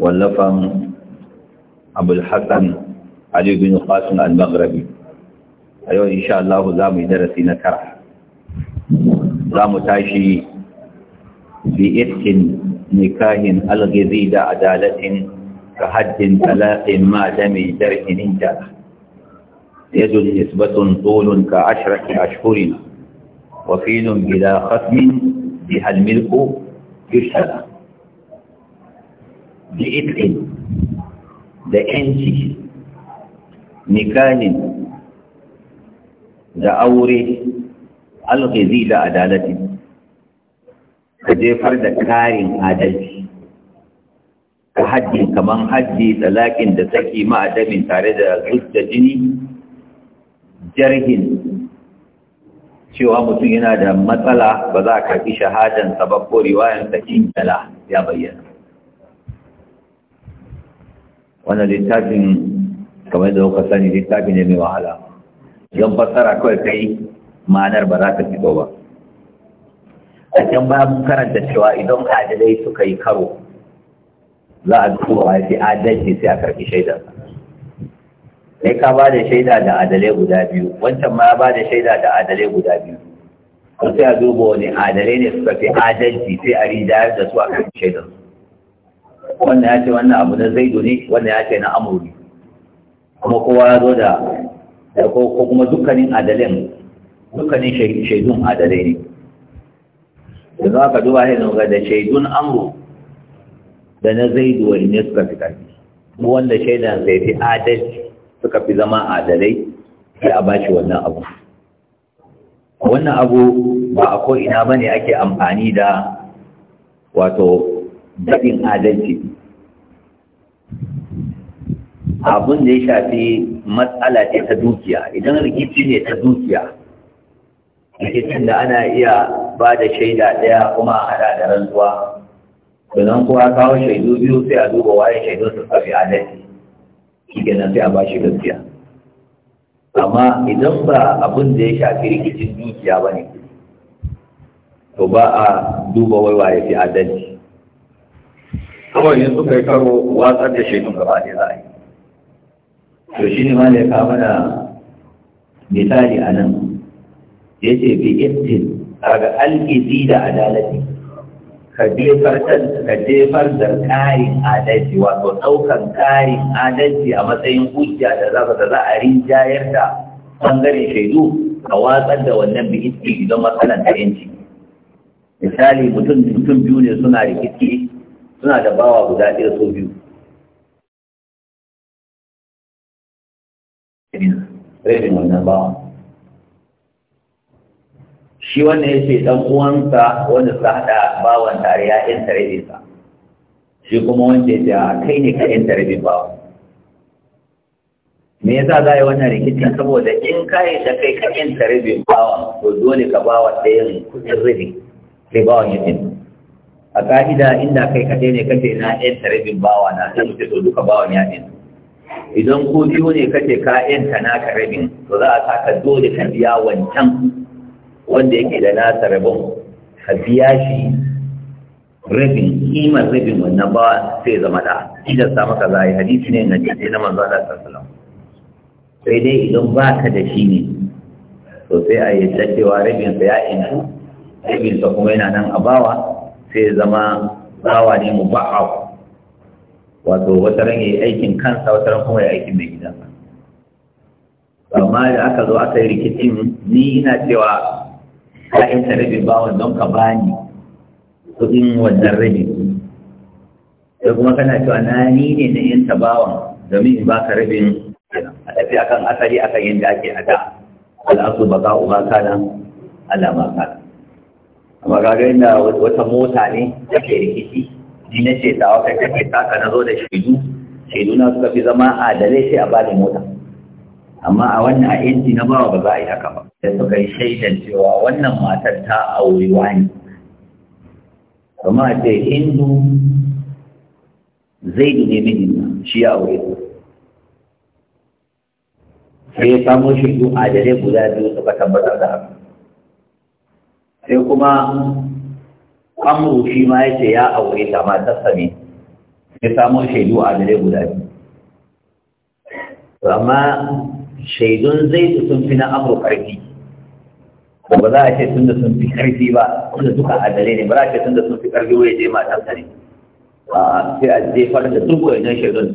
واللفم أبو الحسن علي بن قاسم المغربي أيوة إن شاء الله زام درسنا كرة زام تايشي في إفك نكاه الغذيد عدالة كهد ثلاث ما دم جرح ننجا يد نسبة طول كعشرة أشهر وفيل بلا ختم بها الملك يشتغل da itin da yanci nikanin da aure alghizi da adalati ka jefar da karin adalci ka kaman haddi talaƙin da saki ma'adamin tare da zuz jini jarhin cewa mutum yana da matsala ba za a karɓi shahadansa ba ko riwayansa ya bayyana wannan littafin kamar da kuka sani littafi ne mai wahala don fassara kawai kai ma'anar ba za ta fito ba a can ba mun karanta cewa idan adalai suka yi karo za a duba wa sai adalci sai a karfi shaidar sai ka ba da shaida da adalai guda biyu wancan ma ba da shaida da adalai guda biyu sai a duba wani adalai ne suka fi adalci sai a rijayar da su a karfi shaidar su wannan ya ce wannan abu na zaidu ne wannan ya ce na amuri ne kuma kowa ya zo da ko kuma dukkanin adalin dukkanin shaidun adalai ne yanzu aka duba sai ga da shaidun amuru da na zaidu wani ne suka fi ƙarfi kuma wanda shaidan zai fi adalci suka fi zama adalai sai a bashi wannan abu wannan abu ba a ko'ina ba ne ake amfani da wato daɗin adalci abin da ya shafi matsala ce ta dukiya idan rikici ne ta dukiya rikicin da ana iya ba da shaida ɗaya kuma a haɗa da rantsuwa sannan kuwa kawo shaidu biyu sai a duba waye shaidu su kafi adalci shi kenan sai a ba shi gaskiya amma idan ba abin da ya shafi rikicin dukiya ba ne to ba a duba wai waye fi adalci kawai yanzu suka yi karo watsar da shaidun gaba ɗaya za a yi to shi ne ma da ya mana misali a nan ya ce bi iftin daga alƙizi da adalati ka jefar da ƙarin adalci wato ɗaukan ƙarin adalci a matsayin hujja da za a rinjayar da ɓangaren shaidu ka watsar da wannan bikinci idan matsalan ta yanci misali mutum mutum biyu ne suna rikici suna da bawa guda ɗaya so biyu rabin wannan bawa shi wanda ya ce ɗan uwansa wanda suka haɗa bawan tare ya yanta sa. shi kuma wanda ya ce a kai ne ka yanta rabin bawa me yasa za a yi wannan rikici saboda in ka yi ta kai ka yanta rabin bawa to dole ka bawa ɗayan kuɗin rabi sai bawan ya tsinta a ka'ida inda kai kaɗai ne kace na yan tarabin bawa na sai mu ce to duka bawan ya ɗin idan ko biyu ne kace ka yan ta na karabin to za a sa ka dole ka biya wancan wanda yake da na ka biya shi rabin kimar rabin wannan ba sai zama da idan sa maka yi hadisi ne na jirgin na manzo da sallallahu sai dai idan baka da shi ne to sai a yadda cewa rabin sa ya intu rabin sa kuma yana nan a bawa sai zama bawa ne mu ba'a wato wata ran yayi aikin kansa wata ran kuma yayi aikin mai gida. amma da aka zo aka yi rikicin ni ina cewa ka yanta rabin bawan don ka bani kuɗin wannan rabin sai kuma kana cewa na ni ne na yanta bawan domin in baka rabin a tafi akan asali akan yadda ake ada al'asu baka uba kana alama kana amma kaga inda wata mota ne take rikici ni na ce ta wata kake taka na zo da shaidu shaidu na suka fi zama adalai sai a bani mota amma a wannan a inji na bawa ba za a yi haka ba sai suka yi shaidan cewa wannan matar ta auri wani kuma a ce hindu zai ne mini shi ya aure su sai ya samo shaidu adalai guda biyu suka tabbatar da haka sai kuma amru shi ma ya ce ya aure ta matarsa ne ya samu shaidu a dare guda biyu amma shaidun zai sun fi na amru karfi ba za a ce tun da sun fi karfi ba wanda duka a dare ne ba za a ce tun da sun fi karfi wai je tasa ne sai a fara da duk wayannan shaidun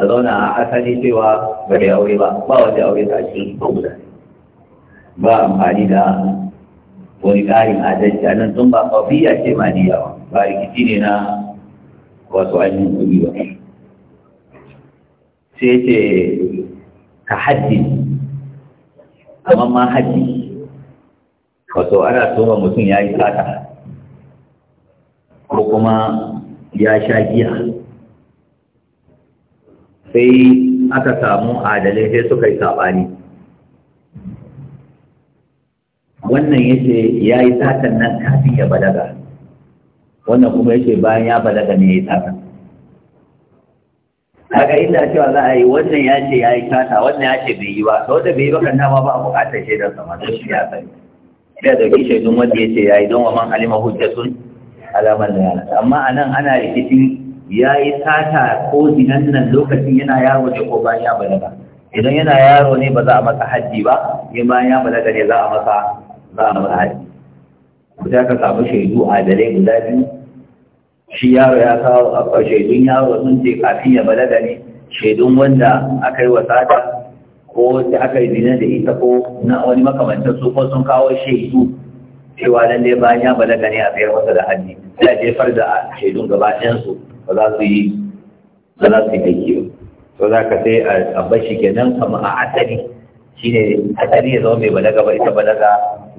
a zauna a asali cewa ba da aure ba ba wanda aure ta cikin guda ba amfani da wani ƙarin adalci a nan tun ba ƙafiya ce ma niyawa ba rikici ne na wasu ainihin kuɗi ba sai ce ka haddi amma ma haddi wato ana tuma mutum ya yi sata ko kuma ya sha giya sai aka samu adalai sai suka yi saɓani wannan yace ya yi satan nan kafin ya balaga wannan kuma yace bayan ya balaga ne ya yi satan kaga inda cewa za a yi wannan ya ce ya yi sata wannan ya ce bai yi ba to wanda bai yi ba kan dama ba a bukatar shaidar sama don shi ya sani da dauki shaidun wanda ya ce ya yi don wa man alima hujjatun alamar da yana amma a nan ana rikicin ya yi sata ko zinan nan lokacin yana yaro ne ko bayan ya balaga idan yana yaro ne ba za a masa hajji ba in bayan ya balaga ne za a masa za a masa haji ku ka samu shaidu a dare guda biyu shi yaro ya kawo akwai shaidun yaro sun ce kafin ya balaga ne shaidun wanda aka yi wasata ko da aka yi zina da ita ko na wani makamantar su ko sun kawo shaidu cewa nan dai bayan ya balaga ne a tsayar masa da hajji ya jefar da shaidun gaba ɗayansu ba za su yi ba za su yi aiki ba to za ka sai a bashi kenan kamar a asali shine asali ya zama mai balaga ba ita balaga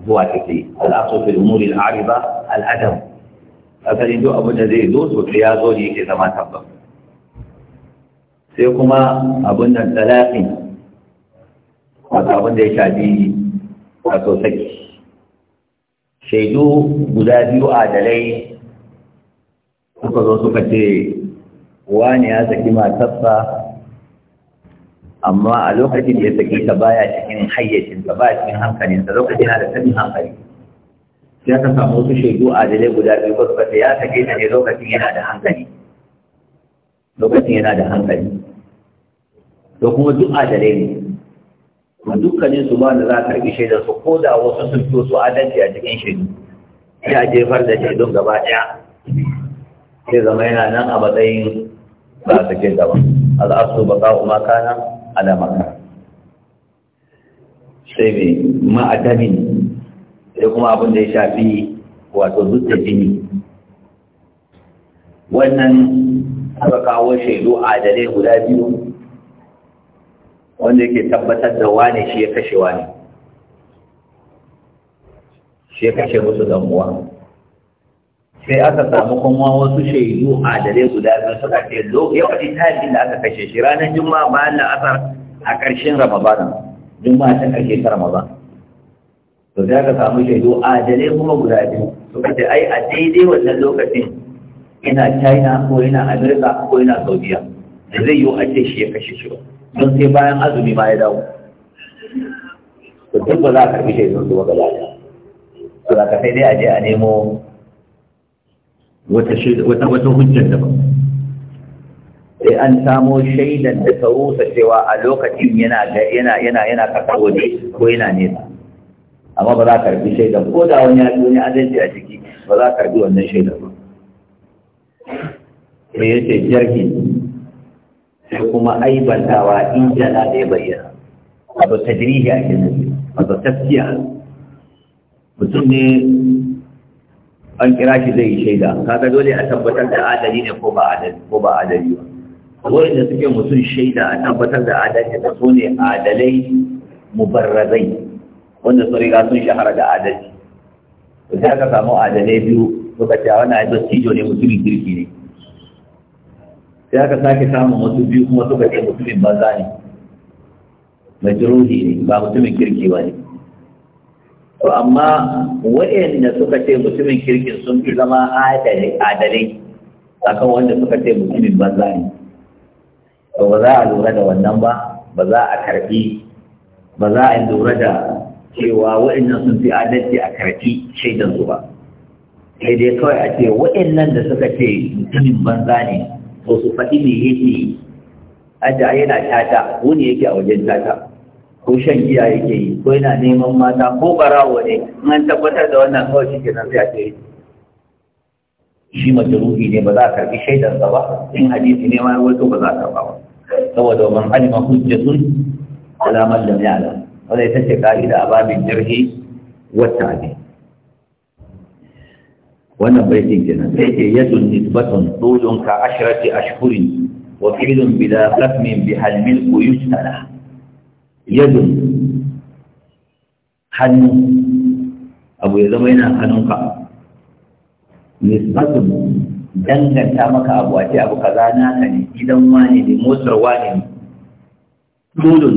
zuwa take al'asu fil umuri al'ariba al'adam asalin duk abin da zai zo to ya zo ne yake zama tabbas sai kuma abin da talafin wato abin da ya shafi wato saki shaidu guda biyu adalai suka zo suka ce wani ya saki matarsa amma a lokacin da ya sake ta baya cikin ta baya cikin ta lokacin na da sanin hankali sai ka samu su shaidu a dalai guda biyu ko suka ya sake ta ne lokacin yana da hankali lokacin yana da hankali to kuma duk adalai ne kuma dukkanin su ba da za a karbi shaidar su ko da wasu sun fito su adalci a cikin shaidu ya jefar da shaidun gaba ɗaya sai zama yana nan a matsayin ba a sake ta ba al'asu ba ka kuma kana ala maka sai mai ma'adamin sai kuma abin da ya shafi wato zuta jini wannan aka kawo shaidu adalai guda biyu wanda yake tabbatar da wane shi ya kashe wane shi ya kashe musu damuwa sai aka samu kuma wasu shaidu a dare guda biyu suka ce yawanci tayin da aka kashe shi ranar juma'a bayan la'asar a ƙarshen ramadan juma'a ta ƙarshe ta ramadan to sai aka samu shaidu a dare kuma guda biyu suka ce ai a daidai wannan lokacin ina china ko ina america ko ina saudiya da zai yiwu a ce shi ya kashe shi ba don sai bayan azumi ma ya dawo to duk ba za a karbi shaidun su ba gaba ɗaya to za ka sai dai a je a nemo wata hujjar da ba sai an samo shaidan da ta rusa cewa a lokacin yana yana yana yana kasar waje ko yana nesa amma ba za ka karbi shaidan ko da wani ya wani adalci a ciki ba za ka karbi wannan shaidan ba sai ya ce jirgi sai kuma aibantawa in jana da ya bayyana abu tajrihi a ba abu tafiya mutum ne an kira shi zai yi shaida kaga dole a tabbatar da adali ne ko ba adali ko ba adali ba da suke mutum shaida a tabbatar da adalci da su ne adalai mubarrazai wanda sun riga sun shahara da adalci to sai aka samu adalai biyu suka ce wannan aibar tijo ne mutumin kirki ne sai aka sake samun wasu biyu kuma suka ce mutumin banza ne majruhi ne ba mutumin kirki ba ne to amma waɗanda suka ce mutumin kirkin sun fi zama adalai kan wanda suka ce mutumin banza ne to ba za a lura da wannan ba ba za a karɓi ba za a lura da cewa waɗannan sun fi adalci a karfi shaidan su ba sai dai kawai a ce waɗannan da suka ce mutumin banza ne to su faɗi me yake aja yana tata wani yake a wajen tata ko shan giya yake yi ko yana neman mata ko barawo ne in an tabbatar da wannan kawai shi ke nan sai a ce shi majruhi ne ba za a karbi shaidar sa ba in hadisi ne ma wato ba za a karba ba saboda man alima hujjatun ala man lam ya'lam wanda ita ce ka'ida a babin jirhi wata ne wannan baitin ke nan sai ke yadun nisbatun dojon ka ashirati ashhurin wakilun fi'lun bila qasmin bi halmil yujtala yadda hannu abu ya zama yana hannunka nisbatu danganta maka abu a ce abu kaza ka ne gidan wane ne motsar wane ne dudun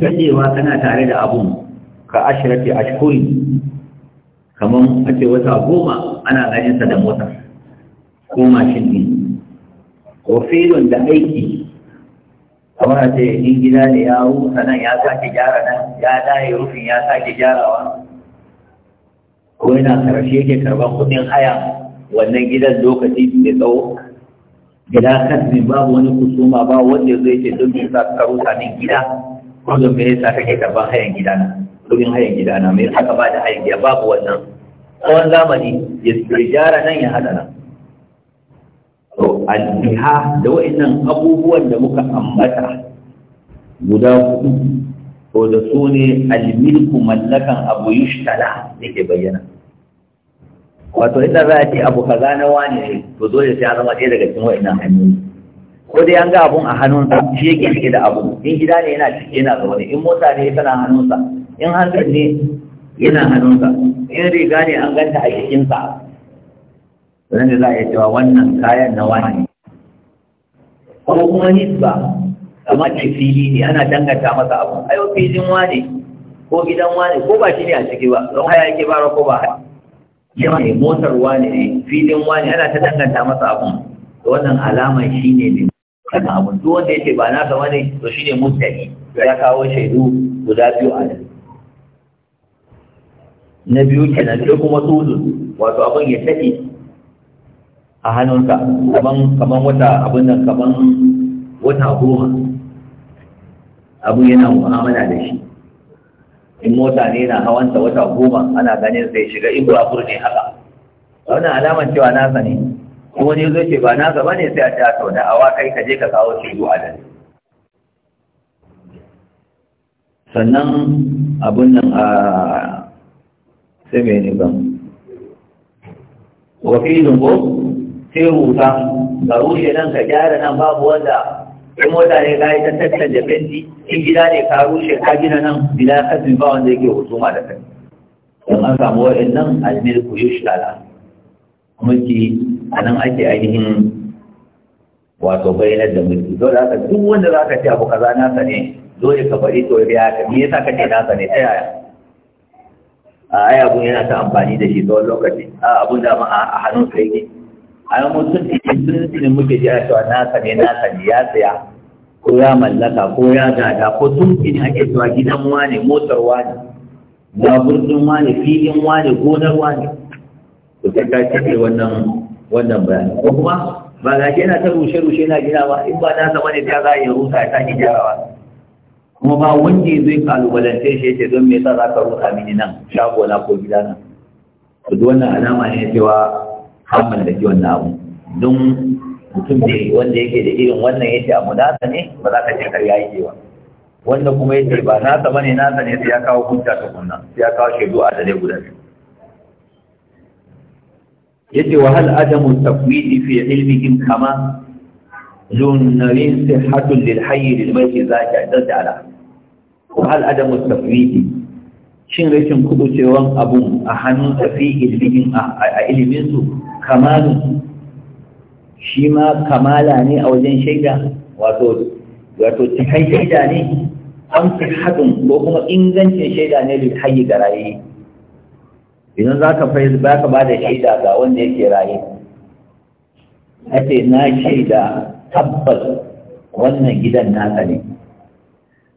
dadewa kana tare da abun ka ashirati ashkuri kamar a ce wata goma ana ganinsa da motar ko mashin ne ko filin da aiki kamar a ce in gida ne ya rusa nan ya sake gyara nan ya daye rufin ya sake gyarawa ko yana karshe yake karban kudin haya wannan gidan lokaci da tsawo gida kan ne babu wani kusuma ba wanda zai ce don bisa ka rusa min gida ko don me yasa kake karban hayan gida na domin hayan gida na me yasa ka ba da hayan gida babu wannan tsawon zamani ya gyara nan ya hada nan addiha da wa'annan abubuwan da muka ambata guda hudu to da su ne almilku mallakan abu yushtala da ke bayyana wato inda za a ce abu kaza na wani ne to dole sai ya zama ɗaya daga cikin wa'annan hanyoyi ko dai an ga abun a hannunsa shi yake cike da abu in gida ne yana cike yana zaune in mota ne tana hannunsa in hankali ne yana hannunsa in riga ne an ganta a sa don da za a yi cewa wannan kayan na wani ko kuma nisba amma ce fili ne ana danganta masa abu ayo filin wane ko gidan wane ko ba shi ne a ciki ba don haya yake bara ko ba haya yawa ne motar wane ne filin wane ana ta danganta masa abu to wannan alaman shi ne ne kan abu duk wanda yake ba naka wane to shi ne mutane ya kawo shaidu guda biyu a nan na biyu kenan duk kuma tudu wato abin ya tafi a hannunka, kaman kaman wata abin nan kaman wata goma Abun yana mu'amala da shi in mota ne na hawanta wata goma ana ganin sai shiga in babur ne haka wannan alamar cewa nasa ne Kuma wani zai ce ba nasa ba ne sai a ta sau da awa kai ka je ka kawo shi zuwa da sannan abun nan a sai mai ne ban wakilin ko sai rusa ka rushe nan ka gyara nan babu wanda in wata ne ka yi ta tattan da fenti in gida ne ka rushe ka gina nan bila kasin ba wanda yake ma da kai don an samu wa'in nan almir ku yi shala mulki a nan ake ainihin wato bayanar da mulki dole haka duk wanda za ka ce abu kaza nasa ne dole ka bari to ya ka me yasa kake nasa ne ta yaya a ai abun yana ta amfani da shi tsawon lokaci a abun da ma a hannun ka ne a yi mutum sun ne muke jira cewa nasa ne nasa ne ya tsaya ko ya mallaka ko ya gada ko tun ne ake cewa gidan wane motar wane baburdin wane filin wane gonar wane to sai ka cike wannan wannan bayani ko kuma ba ga yana ta rushe rushe na gina ba in ba nasa ne ta za ya rusa ta ki jarawa kuma ba wanda zai kalubalance shi yake don me yasa za ka rusa mini nan shago na ko gidana to duk wannan alama ne cewa an mallaki wannan abu don mutum da wanda yake da irin wannan ce abu nasa ne ba za ka ce karya yake ba wanda kuma ce ba nasa bane nasa ne sai ya kawo kunta ta kunna sai ya kawo shaidu a dare guda biyu Ya wa hal adamu tafwidi fi ilmihim kama lunarin sihhatun lil hayy lil za ka dadda ala wa hal adamu tafwidi shin rashin kuducewan abun a hannun tafi a ilimin su kamalu shi ma kamala ne a wajen shaida wato wato cikin shaida ne an fi haɗin ko kuma ingancin shaida ne da hayi ga raye idan za ka fai ba ka ba da shaida ga wanda yake raye ake na shaida tabbas wannan gidan naka ne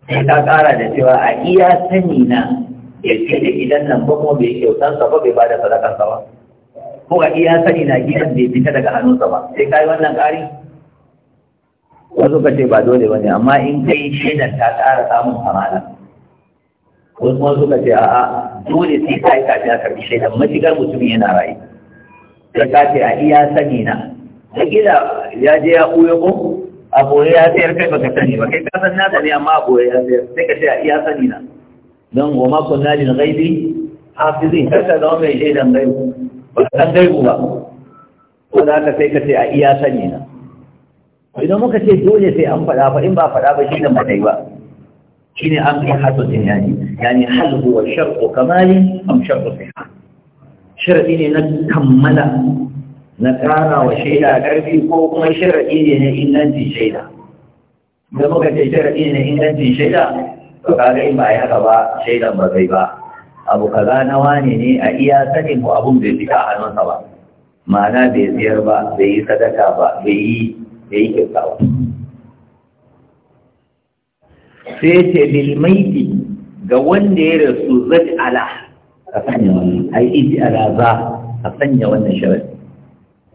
sai ka ƙara da cewa a iya sani na ya ce da gidan nan ba kuma bai kyautansa ba bai ba da sadakansa ba ko a iya sani na gidan bai fita daga hannunsa ba sai kai wannan ƙari wasu ka ce ba dole ba ne amma in kai shaidar ta ƙara samun kamala wasu kuma suka ce a'a dole sai kai kafin a karɓi shaidar matuƙar mutum yana rayu da ka ce a iya sani na da gida ya je ya ɓuya ko a ɓoye ya sayar kai baka sani ba kai ka san nasa ne amma a ɓoye ya sayar sai ka ce a iya sani na don goma kunna lil ghaibi hafizin kar ka zama mai shaidan gaibu ba san daibu ba ko da haka sai ka ce a iya sani na idan muka ce dole sai an faɗa fa in ba faɗa ba shi da madai ba shi ne an kai din yani yani hal wa sharqu kamali am sharqu siha sharadi ne na kammala na kara wa shaida karfi ko kuma sharadi ne na inganci shaida da muka ce sharadi ne na inganci shaida to kaga in ba ya haka ba shaidan ba zai ba abu ka gana wani ne a iya sanin ko abun bai fita a hannunsa ba ma'ana bai siyar ba bai yi sadaka ba bai yi bai yi kyauta ba sai ce lilmaiti ga wanda ya rasu zai ala a sanya wannan ai iji ala za a sanya wannan sharadi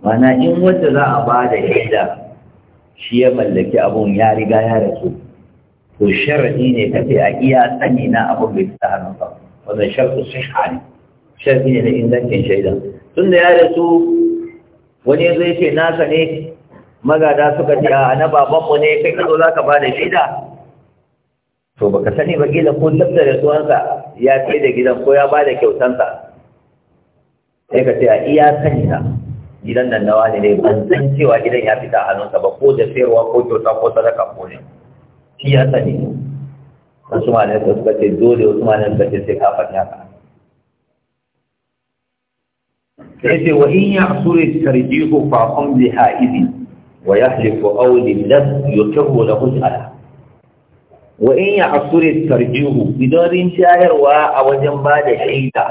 mana in wanda za a ba da shaida shi ya mallaki abun ya riga ya rasu to sharadi ne kafe a iya sani na abun bai fita hannunsa ba wannan sharɗu sihha ne sharɗi ne na ingancin shaida tun da ya rasu wani ya zai ce nasa ne magada suka ce a na babanmu ne kai ka zo za ka ba da shaida to baka sani ba gidan ko labda da suwansa ya ce da gidan ko ya ba da kyautansa sai ka ce a iya sani gidan nan na wani ne ban san cewa gidan ya fita a hannunsa ba ko da sayarwa ko kyauta ko sadaka ko ne shi ya sani wasu ma ne suka ce dole wasu ma ne suka ce sai ka faɗi haka sai ce wa in ya sure tarjihu fa qam ha haidi wa yahliku aw lil lad na lahu ala wa in ya asure tarjihu idan rin shayarwa a wajen ba da shaida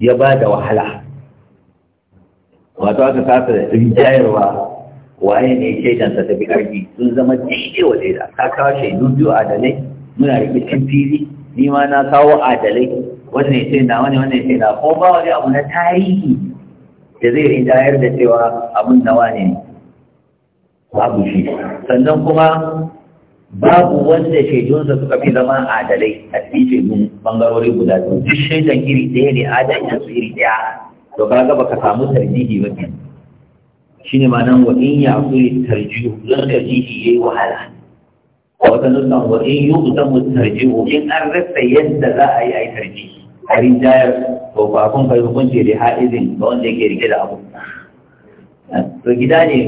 ya ba da wahala wato aka kasa da rinjayarwa waye ne shaidansa ta fi ƙarfi sun zama daidai wa daida ka kawo shaidu biyu a dalai muna rike cin fili ni ma na kawo adalai wannan ce na wani wannan ce na ko ba wani abu na tarihi da zai rinjayar da cewa abun nawa ne babu shi sannan kuma babu wanda shaidunsa suka fi zama adalai a cikin shaidun bangarori guda biyu duk shaidan iri ɗaya ne adalcin su iri ɗaya to kaga baka samu tarjihi ba shine ma nan wa in ya kuli tarjihu dan tarjihi yayi wahala a wata nusan wa in yi utamu tarjihu in an rasa yadda za a yi a yi tarji a jayar, ko ba kun kai hukunci da ha'izin ga wanda yake rike da abu to gida ne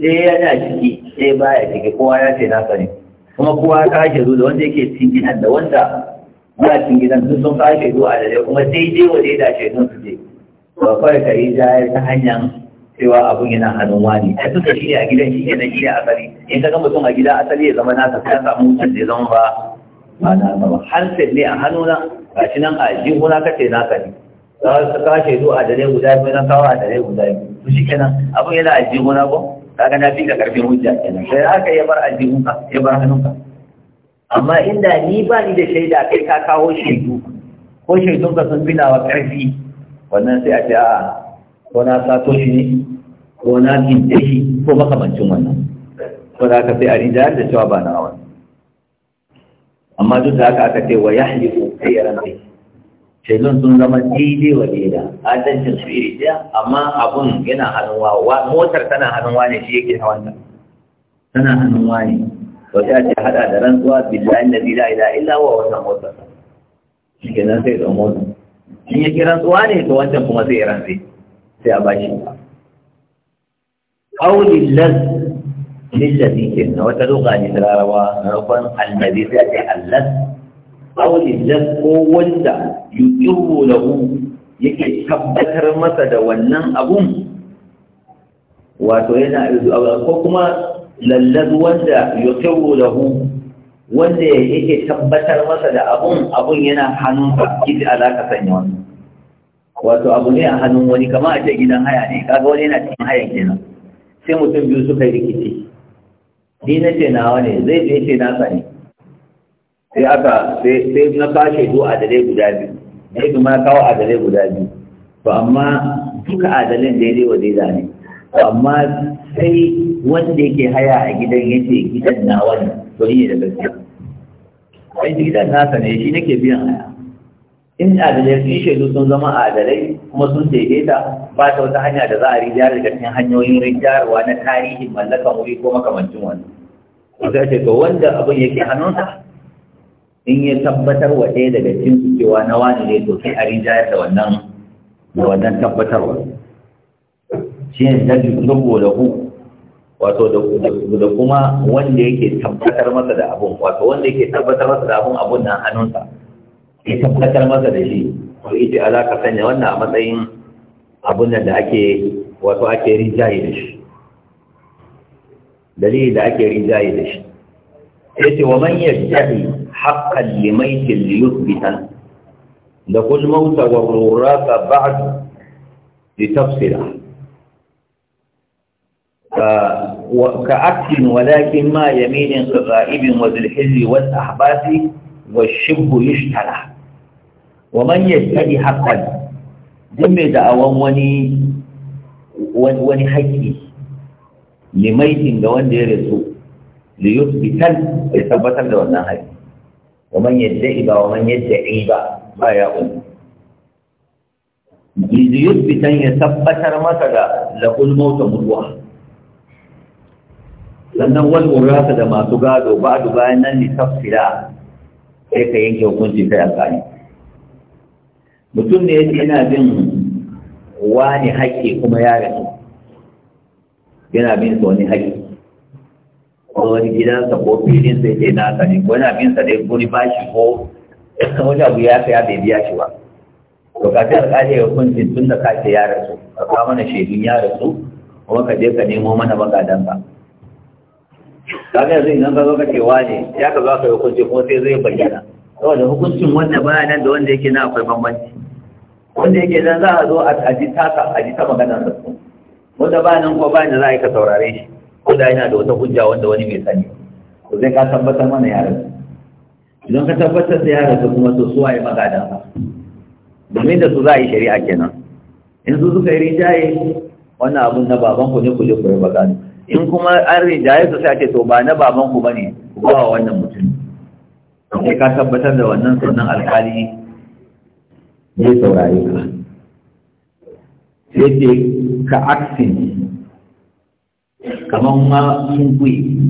ɗaya na ciki ɗaya baya ciki kowa ya ce nasa ne kuma kowa ya kashe da wanda yake cikin gidan da wanda ba cikin gidan sun sun kashe zuwa da kuma sai dai wa da shaidu su je ba kawai ka yi jayar ta hanyar cewa abun yana hannun wani a tuta shi ne a gidan shi kenan shi ne asali in ka ga mutum a gida asali ya zama nasa ta samu mutum da ya zama ba ba na zama. handset ne a hannuna ga shi nan a jihuna kace na ne za su kashe zuwa a dare guda biyu na kawo a dare guda biyu su shi kenan abun yana a jihuna ko kaga na fi ka karfin hujja kenan sai aka yi bar a jihunka ya bar hannun ka. amma inda ni ba ni da shaida kai ka kawo shaidu ko shaidun ka sun bina wa ƙarfi wannan sai a ce a ko na sato shi ne ko na da shi ko makamancin wannan ko da aka sai a rija da cewa ba na wani amma duk da haka aka ce wa ko sai ya rantsi shaidun sun zama daidai wa daida adalcin su iri ɗaya amma abun yana hannuwa wa motar tana hannuwa ne shi yake hawan ta tana hannuwa ne to sai a ce hada da rantsuwa billahi da la ilaha illa wa wannan motar shi kenan sai da motar in yake rantsuwa ne to wancan kuma sai ya rantsi sai a bashi ba أو للذ للذي كنا وتلغى للغرواء ربا الذي ذات اللذ أو للذ هو ولد يقر له yake tabbatar masa da wannan abun wato yana ko kuma lallaz wanda wanda yake tabbatar masa da abun abun yana alaka sanya wato abu ne a hannun wani kama a ce gidan haya ne kaga wani yana cikin hayan kenan sai mutum biyu suka yi rikici ni na ce nawa ne zai je ce na sani sai aka sai na kashe duk adalai guda biyu na yi kuma kawo adalai guda biyu to amma duka adalin daidai wa daida ne to amma sai wanda yake haya a gidan ya ce gidan nawa ne to ni ne da gaskiya ai gidan nasa ne shi nake biyan haya in adalai sun shaidu sun zama adalai kuma sun daidaita ba ta wata hanya da za a rijiyar daga cikin hanyoyin rijiyarwa na tarihin mallakan wuri ko makamancin wani wata ce to wanda abin yake hannunsa in ya tabbatar wa ɗaya daga cikin su cewa na wani ne to sai a rijiyar da wannan da wannan tabbatarwa shi ne da jirgo da ku wato da kuma wanda yake tabbatar masa da abun wato wanda yake tabbatar masa da abun abun nan hannunsa ya tabbatar masa da shi ko ita ala ka sanya wannan a matsayin abun da ake wato ake rinjaye da shi dalili da ake rinjaye da shi yace wa man yajtahi haqqan limaytin liyuthbita da kul mauta wa ruraka ba'd litafsira كعكس ولكن ما يمين كغائب وذي الحل والأحباس والشب يشترى wa man yashhadu haqqan duk mai da'awan wani wani haƙƙi limaitin da wanda ya rasu li yusbitan ya tabbatar da wannan haƙƙi wa man yadda'i ba wa man yadda'i ba ba ya un li yusbitan ya tabbatar masa da lahul mauta mutuwa sannan wani wurata da masu gado ba bayan nan li tafsira sai ka yanke hukunci sai kai alƙali mutum ne yake yana bin wani haƙƙi kuma ya rasu yana bin sa wani haƙƙi ko wani gidansa ko filin sai na nasa ne ko yana bin sa dai guri bashi ko wani abu ya saya bai biya shi ba to ka ta alƙali ya hukunci tun da ka ce ya rasu ka kawo mana shaidun ya rasu kuma ka je ka nemo mana magadan ka kaga yanzu idan ka zo ka ce wane ya ka zo ka yi hukunci kuma sai zai bayyana saboda hukuncin wanda baya nan da wanda yake na akwai bambanci wanda yake nan za a zo a ji taka a ji ta maganar da su wanda ba nan ko ba da za a yi ka saurare shi ko da yana da wata hujja wanda wani bai sani ko zai ka tabbatar mana yaran idan ka tabbatar da yaran su kuma to su waye magadan sa domin da su za a yi shari'a kenan in su suka yi rinjaye wannan abun na baban ku ne ku je ku yi magana in kuma an rinjaye su sai ce to ba na baban ku bane ku ba wa wannan mutum sai ka tabbatar da wannan sannan alkali ya saurari ka sai ce ka aksin kamar ma sun kuyi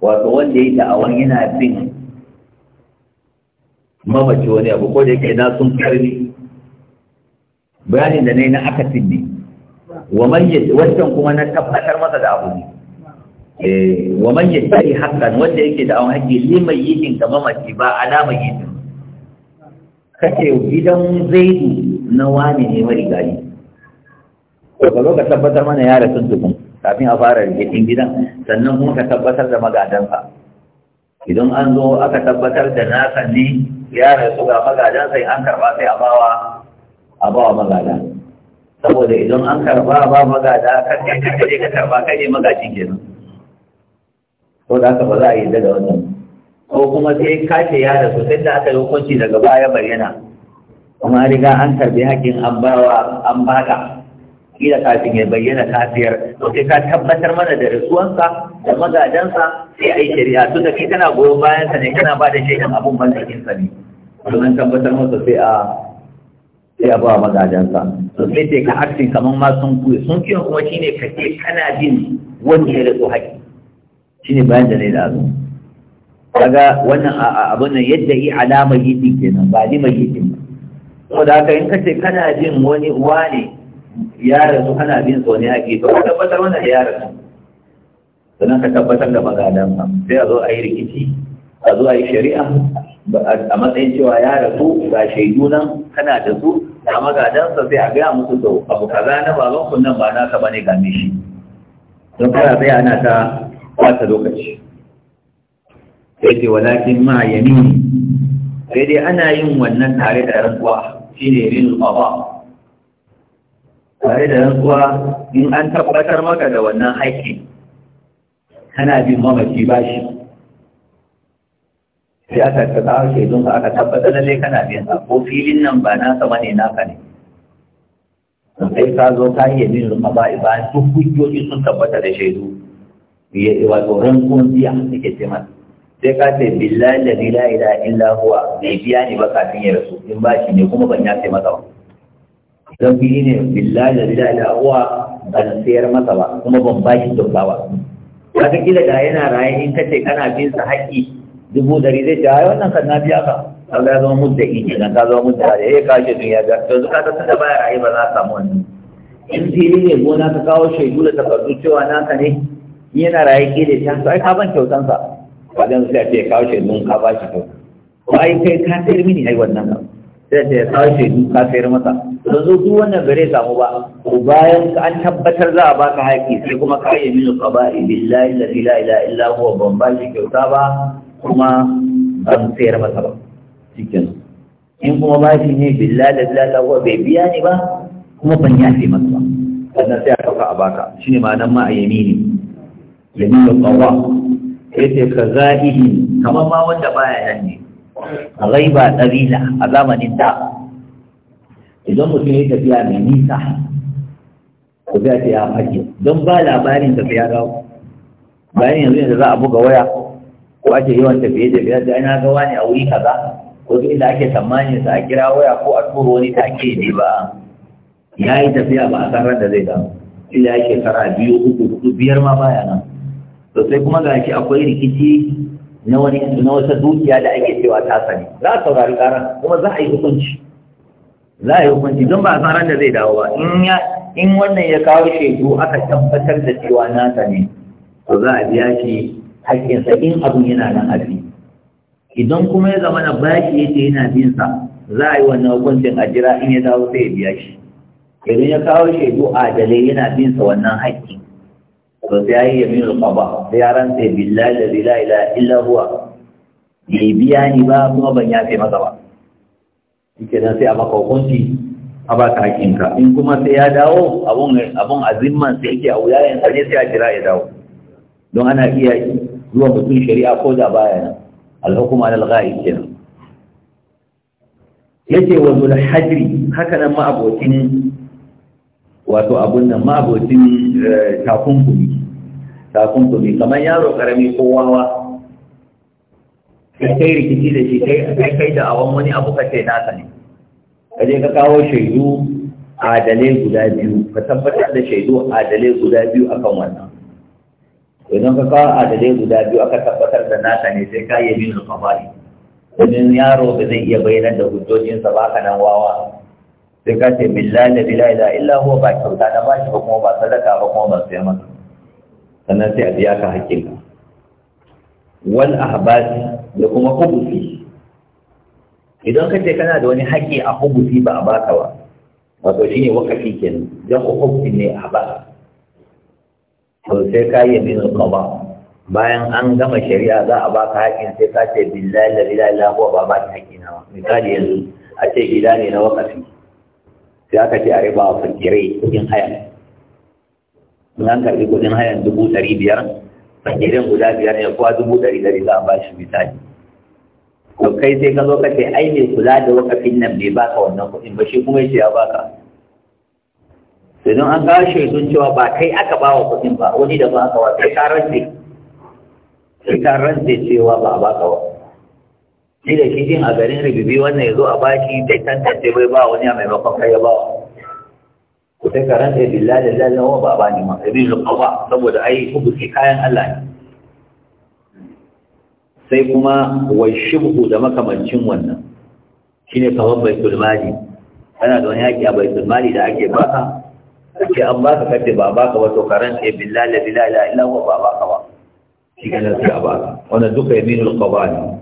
wato wanda ya da'awan yana bin mamaci wani abu ko da yake na sun karni bayanin da na yi na akasin ne wa manyan wancan kuma na tabbatar masa da abu ne eh, wa manyan tsari hakan wanda yake da'awan haƙƙi limayyikin ga mamaci ba alama kace gidan zaidu na wani ne gari daga zo ka tabbatar mana yara sun dukun kafin a fara rikicin gidan sannan kuma ka tabbatar da magadansa idan an zo aka tabbatar da nasa ne yara su ga magadansa an karba sai a bawa a bawa magada saboda idan an karba ba magada kan kai ka je ka karba kai ne magacin kenan ko da haka ba za a yi da wannan ko kuma sai kace ya da sai da aka yi hukunci daga baya bayyana kuma riga an karbi hakkin an bawa an baka kila kafin ya bayyana kafiyar to sai ka tabbatar mana da rasuwansa da magadansa sai a yi shari'a tun da kai kana goyon bayan ne kana ba da shaidan abun ban cikin sa ne nan tabbatar masa sai a sai a ba magadansa to sai sai ka aksin kamar ma sun kuyi sun kiyon kuma shine kake kana bin wanda ya rasu haƙi shine bayan da ne da azumi kaga wannan abin nan yadda yi alama ke kenan ba ni mai yitin ba saboda haka in kace kana jin wani uwa ne ya rasu kana jin so ne ake to ka tabbatar wannan ya rasu sannan ka tabbatar da magadan ba sai a zo a yi rikici a zo a yi shari'a a matsayin cewa ya rasu ga shaidu nan kana da su a magadan sa sai a gaya musu da abu kaza na baban kun nan ba naka bane ga shi don kana sai ana ta wata lokaci sai ce walakin ma yamini sai dai ana yin wannan tare da rantsuwa shine bil qada tare da rantsuwa in an tabbatar maka da wannan haƙƙi kana bin mamaki ba shi sai aka kaza shaidun ka aka tabbatar da lai kana biyan ko filin nan ba na sama ne naka ne sai ka zo ka yi yamin rumma ba ba duk hujjoji sun tabbata da shaidu wato rantsuwan biya da ke ce masa sai ka ce billahi la ilaha illa huwa bai biya ni ba kafin ya rasu in ba shi ne kuma ban ya sai masa ba dan fili ne billahi la ilaha illa huwa ban sayar masa ba kuma ban ba shi don bawa kaga kila da yana raye in ka ce kana bin sa haƙi dubu dari zai ce ai wannan kan na biya ka eh, ka ga zama mudda ike nan ka zama mudda da ya kashe duniya ga Yanzu zuka ta tunda baya raye ba za a samu wannan in fili ne gona ka kawo shaidu da takardu cewa naka ne yana raye kila can ai ka ban kyautansa ba zan sai ce kawo shaidun ka ba shi kyauta ko yi kai ka sayar mini ai wannan nan. sai ce kawo shaidun ka sayar masa don zo duk wannan bare samu ba ko bayan an tabbatar za a ba ka haƙi sai kuma ka yi mini qaba'i billahi la ilaha illa huwa ban ba shi kyauta ba kuma ban sayar masa ba cikin in kuma ba shi ne billahi la ilaha huwa bai biya ni ba kuma ban yafe masa ba sannan sai a ɗauka a baka shi ne nan ma a yamini yamin da tsawa yace ka za'ihi kamar ma wanda baya nan ne ghaiba dalila a zamanin da idan mutum ya tafiya mai nisa ko ga ta ya fage don ba labarin tafiya dawo bayan yanzu yanzu za a buga waya ko ake yawan tafiye da biyar da ina ga wani a wuri kaza ko duk inda ake tsammanin sa a kira waya ko a turo wani take ne ba ya yi tafiya ba a san ran da zai dawo ila yake kara biyu uku hudu biyar ma baya nan to sai kuma ga shi akwai rikici na wani na wata dukiya da ake cewa ta sani za a saurari karan kuma za a yi hukunci za a yi hukunci don ba a san ran da zai dawo ba in ya in wannan ya kawo shaidu aka tabbatar da cewa na sani to za a biya shi sa in abun yana nan a idan kuma ya zama na bashi yake yana bin sa za a yi wannan hukuncin a jira in ya dawo sai ya biya shi idan ya kawo shaidu a adalai yana bin sa wannan haƙƙi to sai yi yamin qada sai ya rantse billahi la ilaha illa huwa bai biya ba kuma ban yafe masa ba shike nan sai a maka hukunci a ka hakinka in kuma sai ya dawo abun abun azimman sai yake a wuya sa ne sai a jira ya dawo don ana iya zuwa mutum shari'a ko da baya nan alhukuma na al-ghaib kenan yace wa zul hajri haka nan ma abokin wato abun nan ma eh, takunkumi takunkumi kamar yaro karami ko wawa kai kai rikici da shi kai kai da awon wani abu ka ce nasa ne ka je ka kawo shaidu adalai guda biyu ka tabbatar da shaidu adalai guda biyu akan wannan idan ka kawo adalai guda biyu aka tabbatar da nasa ne sai ka yi min alfahari domin yaro ba zai iya bayyana da hujjojinsa ba ka nan wawa sai ka ce billahi da billahi da illa huwa ba kyauta na bashi ba kuma ba sadaka ba kuma ba sai masa sannan sai a biya ka hakkinka wal ahbasi da kuma hubusi idan ka ce kana da wani haƙƙi a hubusi ba a baka ba wato shine wakafi kenan dan hubusi ne a ba to sai ka yi min qada bayan an gama shari'a za a baka haƙƙin sai ka ce billahi la ilaha illa huwa ba ba haƙƙi na misali yanzu a ce gida ne na wakafi sai aka ce a riba a fakirai kudin hayan in an karbi kudin hayan dubu ɗari biyar fakirin guda biyar ne kuwa dubu ɗari ɗari za a ba shi misali to kai sai ka zo ka ce ai mai kula da wakafin nan bai baka wannan kuɗin ba shi kuma yace ya baka sai don an kawo shaidun cewa ba kai aka ba wa kuɗin ba wani da ba aka wa sai ka rantse sai ka rantse cewa ba a baka wa ni da ke jin a garin ribibi wannan ya zo a baki dai tantance bai ba wani a maimakon kai ya ba wa ku ta karanta ya billa da lallan wa ba ba ne ma ya bin lukawa saboda ai kubuki kayan Allah ne sai kuma wai shibhu da makamancin wannan shine kamar bai mali kana da wani yaki a bai mali da ake baka ake an baka kadda ba baka ba to karanta ya billa da lallan illa wa ba baka ba shi kana sai a baka wannan duka yaminul qawani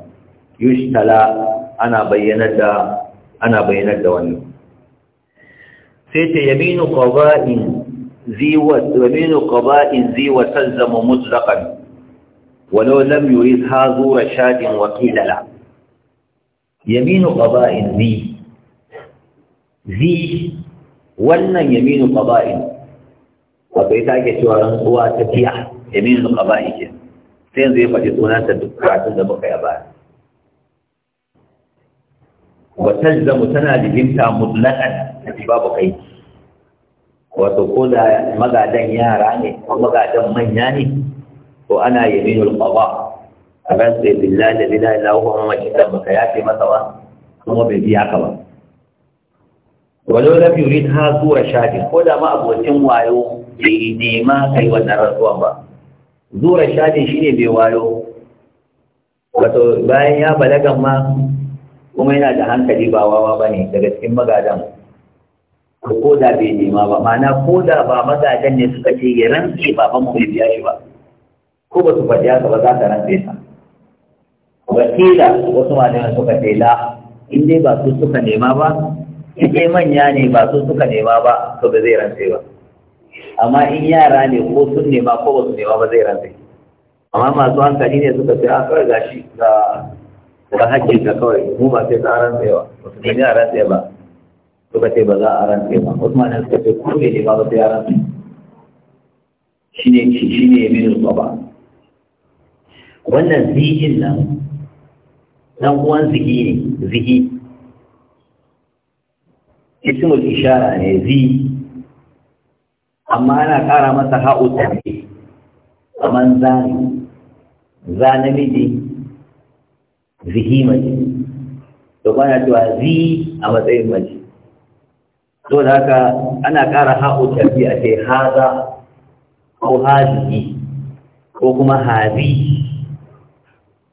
yushtala ana bayyanar da ana bayyanar da wannan sai ta yaminu qada'in ziwa yaminu qada'in ziwa talzamu mutlaqan walau lam yurid hadhu rashadin wa qilala yaminu qada'in zi zi wannan yaminu qada'in wato ta ke cewa rantsuwa ta biya yaminu qada'in ke sai yanzu ya faɗi sunanta duk karatun da muka yi a baya wa tajzamu tana lizimta mutlaqan babu kai wato ko da magadan yara ne ko magadan manya ne to ana yaminul qada a rantsa billahi da billahi la huwa ma kitab baka yafe masa ba kuma bai biya ka ba Wani lam yurid ta zuwa shadi ko da ma abokin wayo bai nema kai wannan rantsuwan ba zuwa shadi shine bai wayo wato bayan ya balaga ma kuma yana da hankali ba wawa ba ne daga cikin magadan ko da bai nema ba ma'ana ko da ba magadan ne suka ce ya rantse ba ban bai biya shi ba ko ba su faɗi haka ba za ka rantse sa wakila wasu malaman suka ce la in dai ba su suka nema ba in dai manya ne ba su suka nema ba to ba zai rantse ba amma in yara ne ko sun nema ko ba su nema ba zai rantse amma masu hankali ne suka ce a ah, kawai gashi ga ba hakkin ka kawai mu ba sai tsaran tsayawa ba su gani a rantse ba suka ce ba za a rantse ba Wasu usman suka ce ko ne ba ba sai ya rantse shi ne shi ne yamin ba wannan zihin nan dan uwan zihi ne zihi ismul ishara ne zi amma ana ƙara masa ha'u tabi kaman zani za namiji zihi mace to na cewa zi a matsayin mace to da haka ana ƙara ha'u tafi a ce haza ko hazihi ko kuma hazi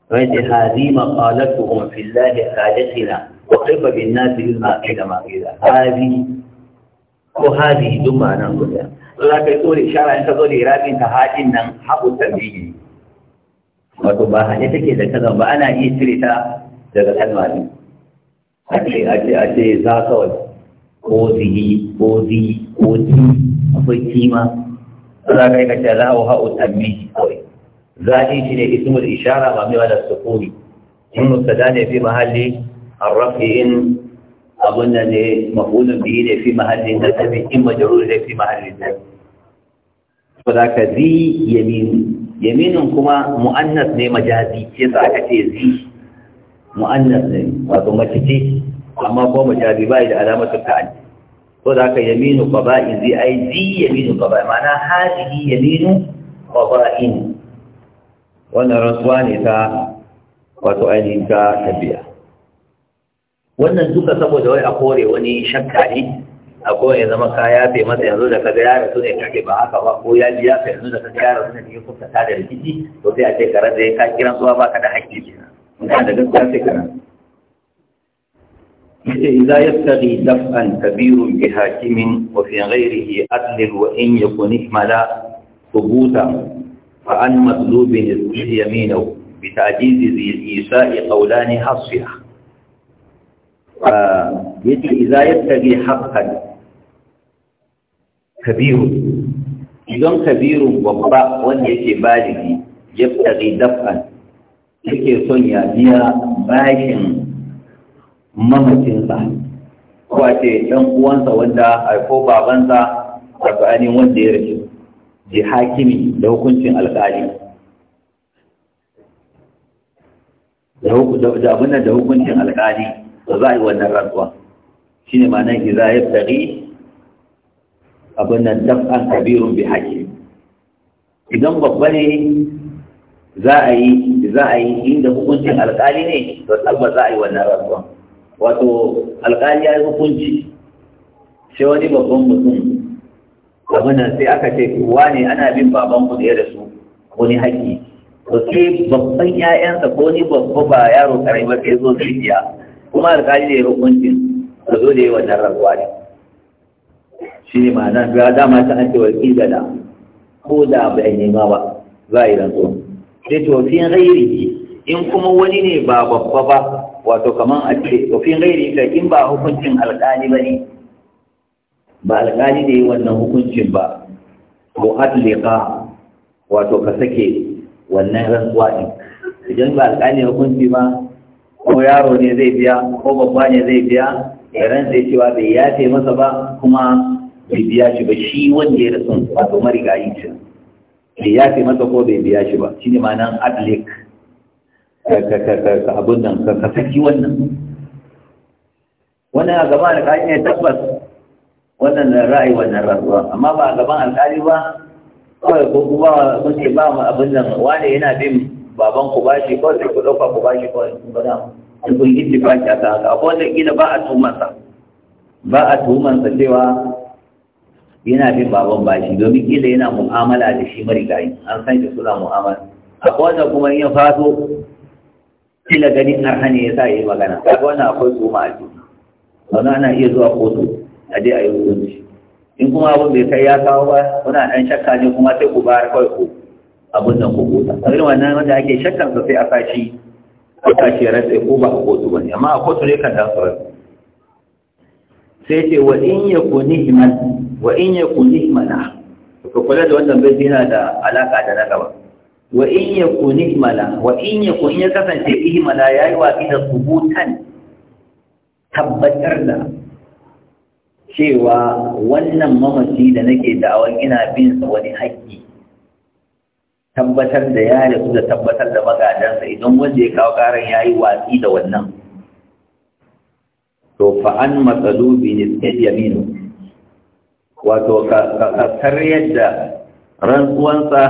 wani ce hazi maƙalatu kuma fillahi hajatina wa kaifa bin nasi yin maƙila da hazi ko hazi duk nan guda to za ka yi tsori shara in ka zo da irabin ta hajin nan ha'u tafi wato ba haɗe take da kaza, ba ana iya cire ta daga kalmari ne a ce za kawai ko zihi ko zi ko zi, akwai kima za ka yi kace za a hau tammi kawai a shi ne mai ishara ba mai wadda kori in da ne fi mahalli rafi in abin da ne mafulun biyu ne fi na nasabi in majaruri ne fi mahallin nasabi. Ba za ka zi yamin yaminin kuma mu'annas ne majazi ce sa aka ce zi mu'annas ne wato mace ce amma ko majazi bai da alamatu ta'addi ko da ka yaminu qaba'in zi ai zi yaminu qaba'in ma'ana hadihi yaminu qaba'in wannan rantsuwa ne ta wato ainihin ta tabiya wannan duka saboda wai a kore wani shakka ne a ko ya zama ka yafe masa yanzu da kaga ya rasu ne kake ba haka ba ko ya ji ya yanzu da kaga ya rasu ne kake kuka ta da rikici to sai a ce ka rasa ka kiran suwa baka da haƙƙi kenan ina da gaskiya sai ka rasa yace idza yastaghi daf'an kabirun bi hakimin wa fi ghayrihi adl wa in yakun ihmala thubutan fa an madlubin yasbi yaminahu bi ta'jizi isa'i qawlani hasiya yace idza yastaghi haqqan kabiru idan kabiru babba wanda yake baligi ya tsari dafan yake son ya biya bashin mamacinsa ko ce ɗan uwansa wanda haifo babansa tsakanin wanda ya rasu da hakimi da hukuncin alƙali da abin da hukuncin alƙali ba za a yi wannan rantsuwa shi ne nan iza ya tsari abin nan daf'an kabirun bi haƙi idan babba ne za a yi za a yi inda hukuncin alƙali ne to tabba za a yi wannan rantsuwa wato alƙali ya yi hukunci sai wani babban mutum abin nan sai aka ce kuwa ne ana bin baban ku da su wani haƙi to sai babban 'ya'yansa ko ni babba ba yaro karami ba sai zo zai kuma alƙali ne hukuncin to zo da yi wannan rantsuwa ne shi ne nan ya dama ta an cewa kidala ko da bai nema ba za a yi rantsuwa sai to fi ghairi in kuma wani ne ba babba ba wato kaman a ce to fi ghairi ka in ba hukuncin alƙali ba ne ba alƙali ne wannan hukuncin ba ko atlika wato ka sake wannan rantsuwa ɗin idan ba alƙali hukunci ba ko yaro ne zai biya ko babba ne zai biya ya rantsa cewa bai yafe masa ba kuma bai biya shi ba shi wanda ya rasu ba to marigayi ce ne ya fi masa ko bai biya shi ba shi ne ma'ana adlik ka abin nan ka saki wannan wannan a gaban alƙali ne tabbas wannan na ra'ayi wannan rasuwa amma ba a gaban alƙali ba kawai ko kuma sun kun ce ba mu abin nan wane yana bin baban ku bashi kawai ku ɗauka ku bashi kawai kun ba da kun yi ittifaki a haka akwai wanda kila ba a tuhumansa. ba a tuhumansa cewa yana bin baban bashi domin kila yana mu'amala da shi marigayi an san shi suna mu'amala akwai wanda kuma in ya faso kila ganin arhani ya sa yi magana kaga wannan akwai tsoma a ciki wannan ana iya zuwa kotu a dai a yi hukunci in kuma abin bai kai ya kawo ba kuna ɗan shakka ne kuma sai ku bayar kawai ku abin nan ku kota irin wannan wanda ake shakkan sosai sai a sashi a sashi ya rantsa ko ba a kotu ba ne amma a kotu ne kan dan tsoron sai ce wa in ya kuni himan wa in ya kuni himana ka kula da wannan bai yana da alaka da na gaba wa in ya kuni himala wa in ya kuni ya kasance ihimala ya yi wafi da subutan tabbatar da cewa wannan mamaci da nake da'awar ina bin sa wani haƙƙi tabbatar da ya rasu da tabbatar da magadansa idan wanda ya kawo karan ya yi watsi da wannan to fa an matsalu bi nisbat yaminu wato ka karyar da rantsuwansa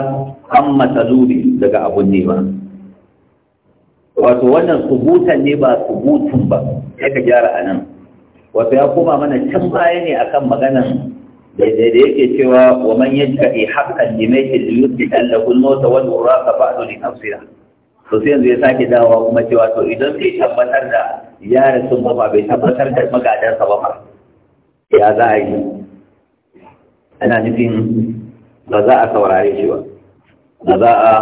an matsalu daga abun nema wato wannan subutan ne ba subutun ba sai ka gyara a nan wato ya koma mana can baya ne akan maganan daidai da yake cewa wa man yajka i haqqan limayhi liyusbi allahu al-mauta wal uraqa ba'du li nafsiha to Sosai yanzu ya sake dawowa kuma cewa to idan sai tabbatar da ya rasu ba ba bai tabbatar da magadansa ba ba ya za a yi ana nufin ba za a saurare shi ba ba za a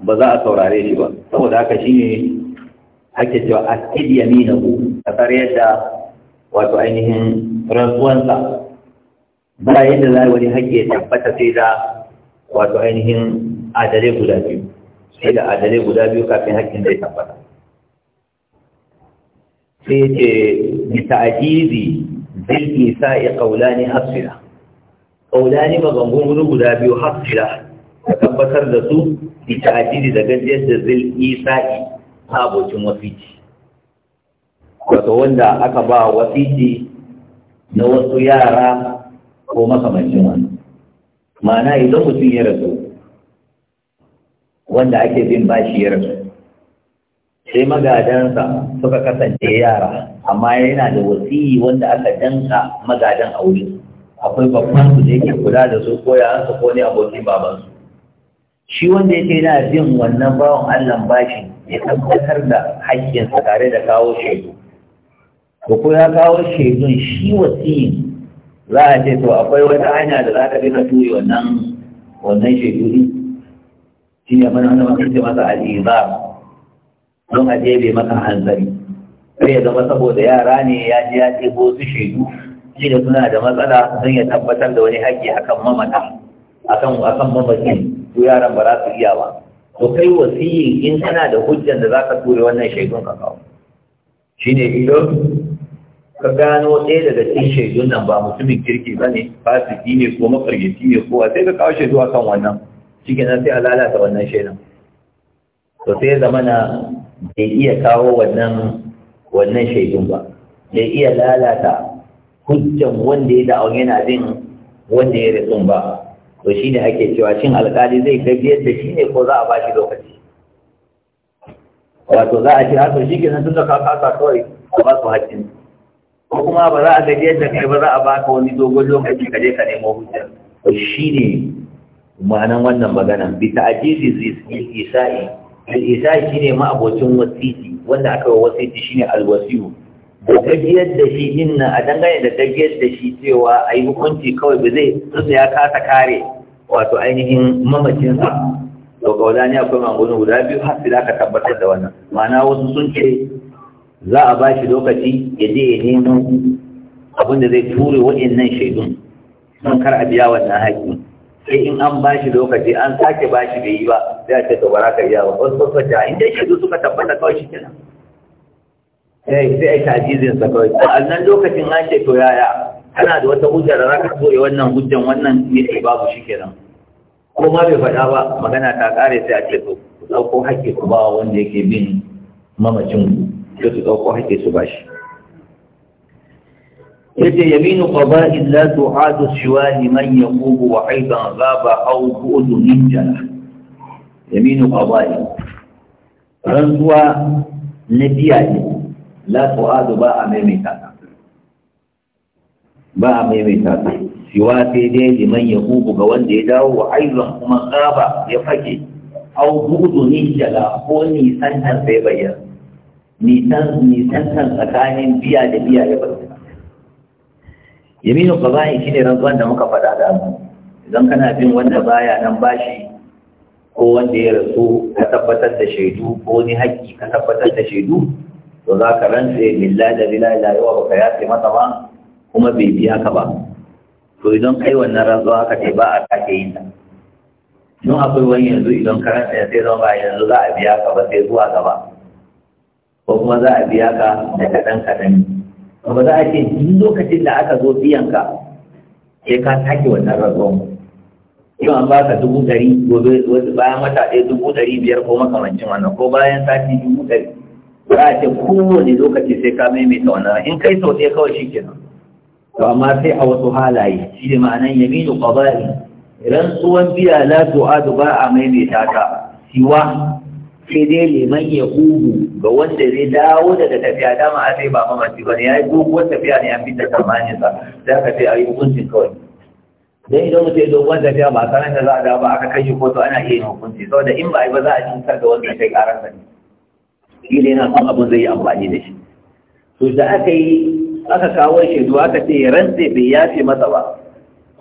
ba za a saurare shi ba saboda haka shi ne ake cewa a kidiya minahu a tsar yadda wato ainihin rantsuwansa ba yadda za a wani haƙƙi ya tabbata sai da wato ainihin adalai guda biyu sai da adalai guda biyu kafin haƙƙin zai tabbata sai ce bi ta'jizi bil isa'i qawlani hasila qawlani maganganu guda biyu hasila ka tabbatar da su bi ta'jizi da gajiyar da zil isa'i abocin wasiti wato wanda aka ba wasiti na wasu yara ko makamancin wani ma'ana idan mutum ya rasu wanda ake bin bashi ya rasu sai magadansa suka kasance yara amma yana da wasiyi wanda aka danka magadan aure akwai babban su da yake kula da su ko yaran su ko ne abokin baban su shi wanda yake yana bin wannan bawan Allah bashi ya tabbatar da haƙƙinsa tare da kawo shaidu to ko ya kawo shaidun shi wasiyin za a ce to akwai wata hanya da za ka bi ka tuyi wannan wannan shaidu din shi ne mana wanda ce masa al'izar don a ɗebe maka hanzari sai ya zama saboda yara ne ya ji ya ɗebo su shaidu shi da suna da matsala don ya tabbatar da wani haƙƙi akan mamata akan akan mamakin su yaran ba za su iya ba to kai wasiyi in kana da hujjan da za ka ture wannan shaidun ka kawo shine idan ka gano ɗaya daga cikin shaidun nan ba mutumin kirki ba ne fasiki ne ko mafarki ne ko sai ka kawo shaidu akan wannan shi kenan sai a lalata wannan shaidan to sai zama na bai iya kawo wannan wannan shaidun ba bai iya lalata hujjan wanda ya da'awon yana bin wanda ya rasu ba to shi ne ake cewa shin alkali zai gajiyar da shi ne ko za a ba shi lokaci wato za a ce haka shi ke nan tun da ka kasa kawai a ba su haƙƙin ko kuma ba za a gajiyar da kai ba za a ba ka wani dogon lokaci ka je ka nemo hujjar to shi ne ma'anan wannan magana bi ta'ajizi zai isa'i al-isa ne ma'abocin wasiti wanda aka yi wasiti shine al-wasiyu gajiyar da shi inna a dangane da gajiyar da shi cewa a yi hukunci kawai ba zai tsuntsa ya kasa kare wato ainihin mamacinsa to ga ne akwai magunin guda biyu har sai aka tabbatar da wannan ma'ana wasu sun ce za a ba shi lokaci ya je ya nemo abin da zai ture waɗannan shaidun sun kar a biya wannan haƙƙi sai in an ba shi lokaci an sake ba shi bai yi ba sai ce to ba za ka iya ba wasu sun fata in dai shaidu suka tabbata kawai shi kenan eh, sai sai ai tajizin sa kawai a nan lokacin na ce to yaya kana da wata hujja da za ka soye wannan hujjan wannan ne babu shi kenan ko ma bai faɗa ba magana ta ƙare sai a ce to ku ɗauko hakki ku ba wanda yake bin mamacin ku sai su ɗauko hakki su ba shi yace yaminu qaba illa tu'adu siwa liman yaqubu wa aidan ghaba aw bu'du min jannah yaminu qada'i rantsuwa na biya ne la tu'adu ba a maimaita ta ba a maimaita ta siwa sai dai liman ya hubu ga wanda ya dawo wa aizan kuma ƙaba ya fage au budu ni jala ko nisan tan sai bayyana nisan nisan tan tsakanin biya da biya ya bayyana yaminu qada'i shine rantsuwan da muka faɗa da mu idan kana bin wanda baya nan bashi ko wanda ya rasu ka tabbatar da shaidu ko wani haƙƙi ka tabbatar da shaidu to za ka rantse lillahi da lillahi la yawa baka yace masa ba kuma bai biya ka ba to idan kai wannan rantsuwa ka ce ba a sake yin ta don akwai wani yanzu idan ka rantsa sai zama ba yanzu za a biya ka ba sai zuwa gaba ko kuma za a biya ka da kaɗan kaɗan ba za a ce duk lokacin da aka zo biyan ka sai ka sake wannan rantsuwa yau an ba ka dubu ɗari gobe wasu bayan wata ɗaya dubu ɗari biyar ko makamancin wannan ko bayan sati dubu ɗari za a ce kowane lokaci sai ka maimaita wannan in kai sau ɗaya kawai shi kenan to amma sai a wasu halaye shi ne ma'anan yaminu qada'i rantsuwan biya la tu'adu ba a maimaita ta siwa sai dai liman ya hugu ga wanda zai dawo daga tafiya dama a sai ba mamaci ba ne ya yi doguwar tafiya ne ya fi da tsammaninsa za ka sai a yi hukuncin kawai dan idan mutum ya wanda tafiya ba sanar da za a dawo ba aka kai shi to ana iya yin hukunci saboda in ba yi ba za a cutar da wanda kai karar shi ne na yana son abin zai yi amfani da shi to da aka yi aka kawo zuwa aka ce ran sai bai yafe masa ba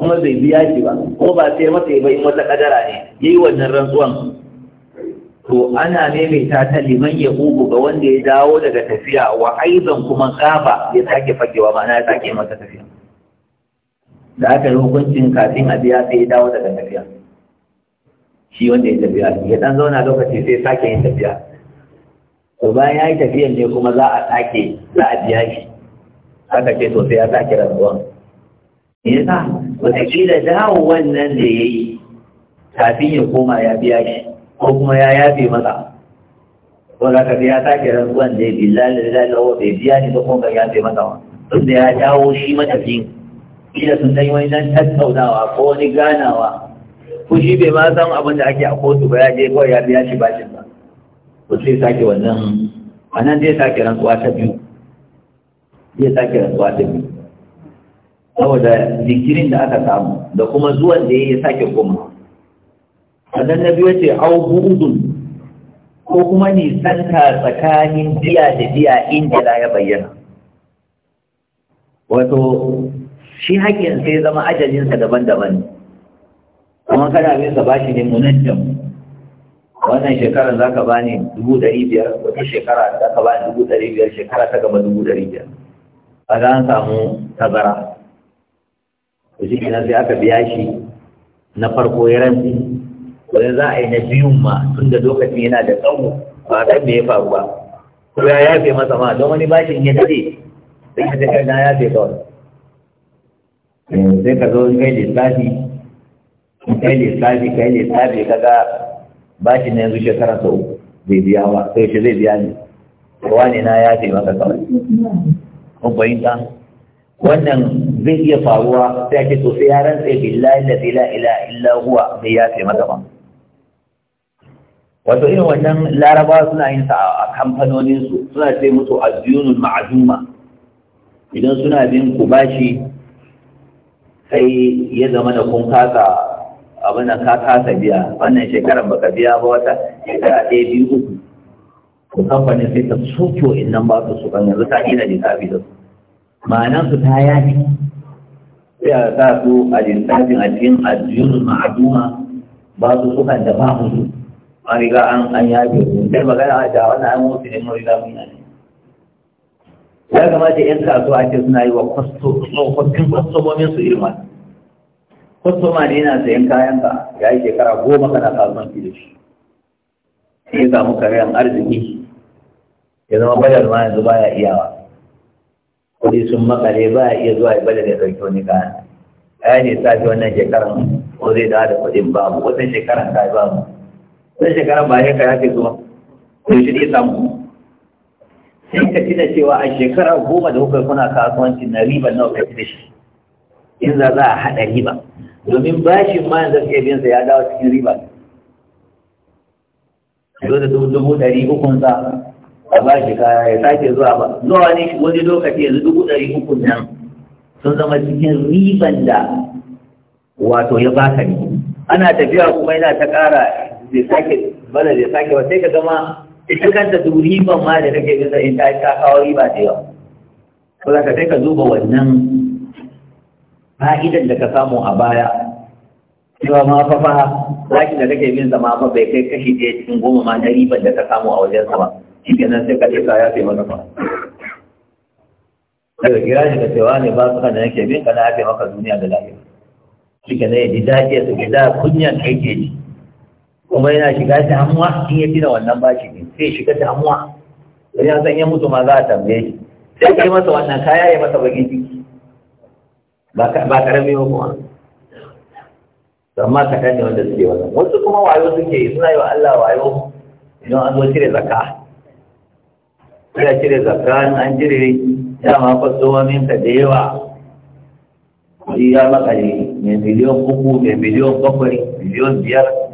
kuma bai biya shi ba ko ba sai masa ya bai wata kadara ne yayi wannan rantsuwan to ana maimaita ta liman ya ugu ga wanda ya dawo daga tafiya wa aizan kuma kafa ya sake fagewa ma'ana ya sake masa tafiya da aka yi hukuncin kafin a biya sai ya dawo daga tafiya shi wanda ya tafiya ya dan zauna lokaci sai sake yin tafiya to bayan ya yi tafiyan ne kuma za a sake za a biya shi aka ce to sai ya sake rantsuwan yasa wataƙila dawo wannan da ya yi kafin ya koma ya biya shi ko kuma ya yafe masa ko za ka ya sake rantsuwan da ya bi lalala lalala bai biya ni ba kuma ya yafe masa tunda ya dawo shi matafiyin kila sun dai wani nan tattaunawa ko wani ganawa ko shi bai ma san abin da ake a kotu ba ya je kawai ya biya shi bashin ba ko sai sake wannan a nan zai sake rantsuwa ta biyu zai sake rantsuwa ta biyu saboda jinkirin da aka samu da kuma zuwan da ya sake koma sannan na biyu ce au bu'udun ko kuma nisanta tsakanin biya da biya inda ya bayyana wato shi haƙƙin sai zama ajalinsa daban-daban kuma kana bin sa bashi ne munajjam wannan shekarar za ka ba ni dubu ɗari biyar wata shekara za ka ba ni dubu ɗari biyar shekara ta gaba dubu ɗari biyar a za an samu tazara to shi kenan sai aka biya shi na farko ya rantsi wani za a yi na biyun ma tun da lokacin yana da tsawo ba kan me ya faru ba ko ya yafe masa ma don wani bashin ya dade sai ka kai na yafe kawai Eh, sai ka zo kai lissafi kai lissafi kai lissafi kaga bashi na yanzu shekara sau zai biya ba sai shi zai biya ne kowa ne na ya ce maka kawai kun fahimta wannan zai iya faruwa sai ake so sai ya rantse billahi la ila ila illa huwa zai ya ce maka ba wato irin wannan laraba suna yin sa a kamfanoninsu suna ce musu addiyunul ma'azuma idan suna bin ku bashi sai ya zama da kun kasa abin ka kasa biya wannan shekarar baka biya ba wata shekara ɗaya biyu uku ko kamfanin sai ta soke in nan ba su su kan yanzu ta gina lissafi da su ma'anan su ta yaki sai a sa su a lissafin a cikin ajiyun ma'aduma ba su kan da ba mu an riga an yaki su sai magana a da wannan an mutu ne mun riga mun yi ya kamata yan kasuwa ce suna yi wa tsofaffin kwastomomin su irma kwastoma ne yana sayan kayan ka ya yi shekara goma kana fi da shi sai ya samu kariyar arziki ya zama badar ma yanzu baya iyawa kuɗi sun makale ba ya iya zuwa ya badar ya ɗauki wani kayan ɗaya ne fi wannan shekaran ko zai dawo da kuɗin babu wannan shekaran ta babu wannan shekaran ba ya kaya ke zuwa ko shi ne samu sai ka tuna cewa a shekara goma da kuka kuna kasuwanci na riba nawa ka tuna shi in za za a haɗa riba domin bashin ma yanzu ka biyan sa ya dawo cikin riba zo da dubu dubu ɗari ukun sa a shi kaya ya sake zuwa ba zuwa ne wani lokaci yanzu dubu ɗari ukun nan sun zama cikin riban da wato ya baka ne ana tafiya kuma yana ta ƙara zai sake bana zai sake ba sai ka gama ita kanta riban ma da kake bisa in ta ta kawo riba da yawa ko za ka kai ka zuba wannan fa'idan da ka samu a baya cewa ma fa fa lakin da kake bin zama fa bai kai kashi ɗaya cikin goma ma na riban da ka samu a wajen sa ba shi kenan sai ka ɗauka ya fi mana fa daga kira shi ka cewa ne ba su kan da nake bin ka na ya fi maka duniya da lafiya shi kenan ya ji daɗi ya ke da kunyan kai ke ji kuma yana shiga damuwa in ya tina wannan bashi ne sai shiga damuwa wani ya san ya mutu ma za a tambaye shi sai yi masa wannan kaya ya masa bakin ciki ba karami ba kuma amma ka ne wanda suke wannan wasu kuma wayo suke yi suna yi wa Allah wayo idan an zo cire zakka ya cire zakka an cire dama kwastomomin ka da yawa kuɗi ya maka ne miliyon uku ne miliyon bakwai miliyon biyar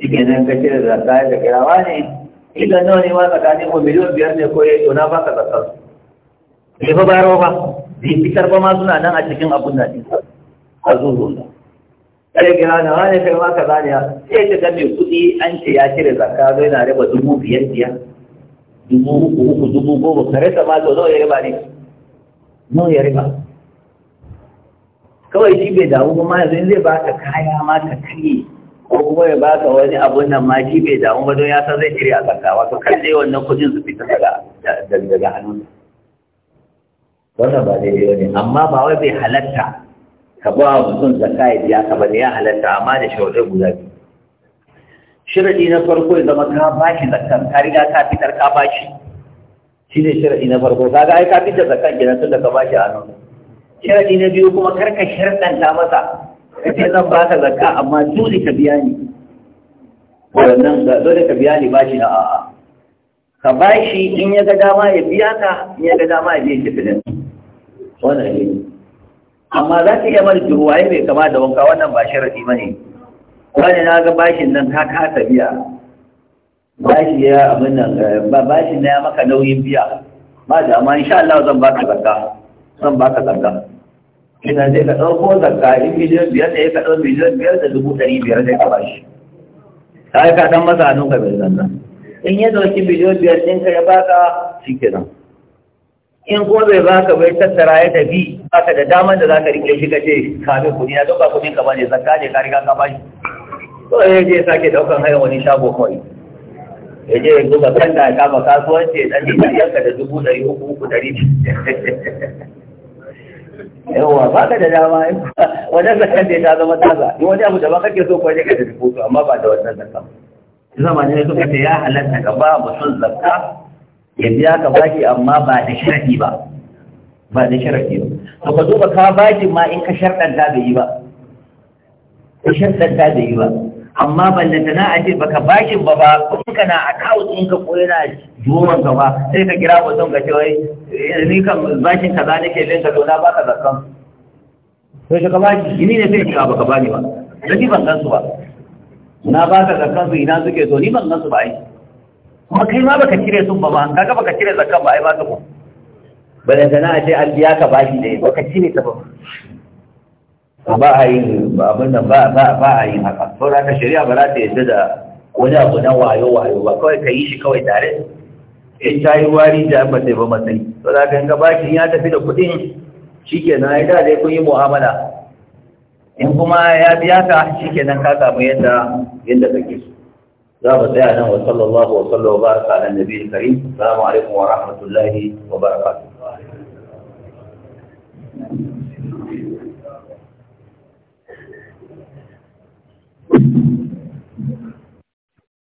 shike nan ka cire zakka da kirawa ne ila nawa ne ma tsakanin mu miliyan biyar ne ko yayi na baka zakkar bai fa bayarwa ba bi fitar ba ma suna nan a cikin abun da ɗin a zuzu kare kira na wani kai ma kaza ne sai ka ga mai kuɗi an ce ya cire zakka zai na raba dubu biyar biyar dubu uku uku dubu goma kare ta ma to zai ya riba ne nawa ya riba kawai shi bai damu ba ma yanzu zai ba ka kaya ma ka kai ko kuma ya baka wani abun nan ma shi bai damu ba don ya san zai cire a zakka wato kan dai wannan kudin su fita daga daga hannun wannan ba daidai wani amma ba wai bai halatta ka ba mutum zakka ya biya ka bane ya halatta amma da shawarar guda biyu sharadi na farko ya zama ka bashi zakkan ka riga ka fitar ka bashi shi ne sharadi na farko ga ai ka fitar zakkan kenan tun da ka bashi a nan sharadi na biyu kuma karka sharɗanta masa kake zan ka zakka amma dole ka biya ni wannan dole ka biya ni bashi na a'a ka bashi in ya ga dama ya biya ka in ya ga dama ya biya shi filin wannan ne amma za ka iya mara waye mai kama da wanka wannan ba sharaɗi ba ne wani na ga bashin nan ka kasa biya bashi ya abin nan eh, ba bashin na ya maka nauyin biya ba da amma insha Allah zan ka zakka zan ka zakka ina zai ka ɗauko zakka in miliyan biyar ya ka ɗau miliyan biyar da dubu ɗari biyar zai ka bashi ta yi ka ɗan masa hannun ka bai zanna in ya ɗauki miliyan biyar ɗin ka ya baka shi kenan in ko bai baka bai tattara ya tafi baka da damar da za ka riƙe shi ka ce kamin kuɗi na ɗauka kuɗin ka bane zakka ne ka riga ka bashi Ko ya je sake ɗaukan haya wani shago kawai ya je ya zuba kanta ya kama kasuwanci ya ɗan da dubu ɗari uku uku ɗari yawa ba ka da dama wajen zakar da ta zama tasa in wani abu da ba kake so kwaje ka tafi kotu amma ba da wannan zakan zama ne suka ce ya halatta ka ba mutum zakka ya biya ka baki amma ba da sharafi ba ba da sharafi ba to ka duba ka baki ma in ka sharɗanta bai yi ba ka sharɗanta bai yi ba amma ballanta na aje baka bakin ba ba kuɗin ka a account ɗinka na yana goma gaba sai ka kira mutum ka ce wai eh, ni kan bashin kaza nake bin ka dona baka zakkan sai ka bashi ni ne sai ka baka bani ba da ni ban gansu ba na baka zakkan su ina suke so ni ban gansu ba ai kuma kai ma baka cire sun ba ma kaga baka cire zakkan ba ai ba ka ko ba da a ce an biya ka bashi ne baka cire ta ba ba a yin abin nan ba a yin haka saboda ka shari'a ba za ta yadda da wani abu na wayo wayo ba kawai ka yi shi kawai tare in ta yi wari da ba sai ba matsayi to da kan bashin ya tafi da kuɗin shi ke nan da dai kun yi mu'amala in kuma ya biya ka shi ke nan ka samu yadda yadda kake so za mu tsaya nan wa sallallahu wa sallallahu wa baraka ala nabi karim assalamu alaikum wa rahmatullahi wa barakatuh